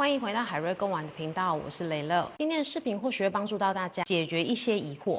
歡迎回到海睿共玩的頻道，我是雷樂。今天的視頻或許會幫助到大家解決一些疑惑。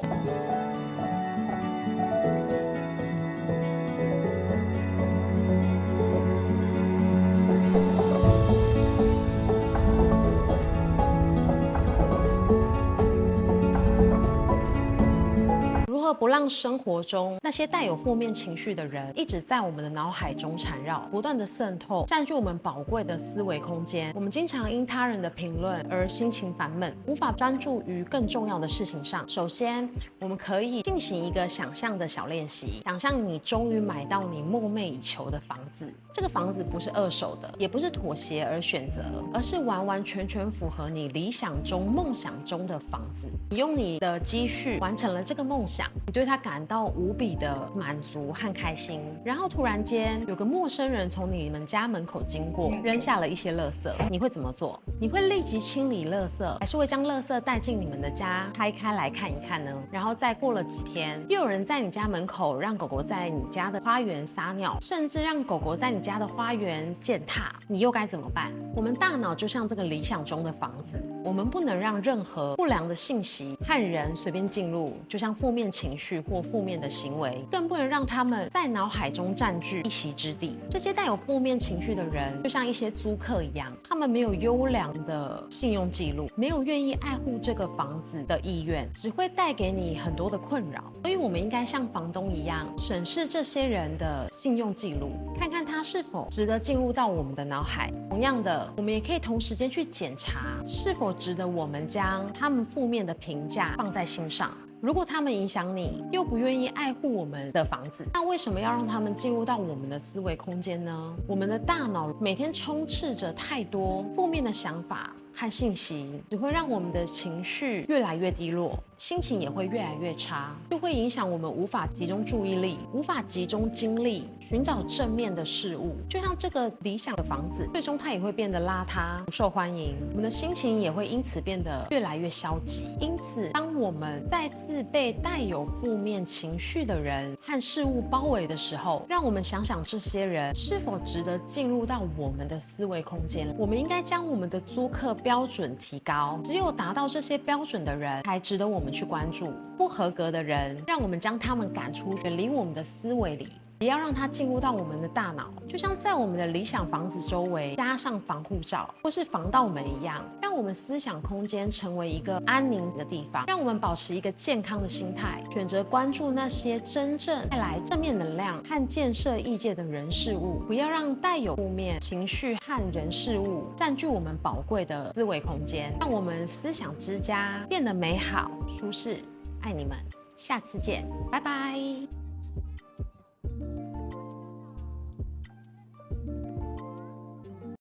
而不讓生活中那些帶有負面情緒的人一直在我們的腦海中纏繞，不斷地滲透，占據我們寶貴的思維空間。我們經常因他人的評論而心情煩悶，無法專注於更重要的事情上。首先，我們可以進行一個想象的小練習，想象你終於買到你夢寐以求的房子，這個房子不是二手的，也不是妥協而選擇，而是完完全全符合你理想中、夢想中的房子。你用你的積蓄完成了這個夢想。你對它感到無比的滿足和開心，然後突然間有個陌生人從你們家門口經過，扔下了一些垃圾，你會怎麼做？你會立即清理垃圾，還是會將垃圾帶進你們的家，拆開來看一看呢？然後再過了幾天，又有人在你家門口讓狗狗在你家的花園撒尿，甚至讓狗狗在你家的花園踐踏，你又該怎麼辦？我們大腦就像這個理想中的房子，我們不能讓任何不良的信息和人隨便進入，就像負面情。情緒或負面的行為，更不能讓他們在腦海中占據一席之地。這些帶有負面情緒的人，就像一些租客一樣，他們沒有優良的信用記錄，沒有願意愛護這個房子的意願，只會帶給你很多的困擾。所以，我們應該像房東一樣，審視這些人的信用記錄，看看他是否值得進入到我們的腦海。同樣的，我們也可以同時間去檢查，是否值得我們將他們負面的評價放在心上。如果他們影響你，又不願意愛護我們的房子，那為什麼要讓他們進入到我們的思維空間呢？我們的大腦每天充斥着太多負面的想法和信息，只會讓我們的情緒越來越低落。心情也會越來越差，就會影響我們無法集中注意力，無法集中精力尋找正面的事物。就像這個理想的房子，最終它也會變得邋遢，不受歡迎。我們的心情也會因此變得越來越消極。因此，當我們再次被帶有負面情緒的人和事物包圍的時候，讓我們想想這些人是否值得進入到我們的思維空間。我們應該將我們的租客標準提高，只有達到這些標準的人才值得我們。去關注不合格的人，讓我們將他們趕出遠離我們的思維裡。不要讓它進入到我們的大腦，就像在我們的理想房子周圍加上防護罩或是防盜門一樣，讓我們思想空間成為一個安寧的地方，讓我們保持一個健康的心態，選擇關注那些真正帶來正面能量和建設意見的人事物，不要讓帶有負面情緒和人事物佔據我們寶貴的思維空間，讓我們思想之家變得美好舒適。愛你們，下次見，拜拜。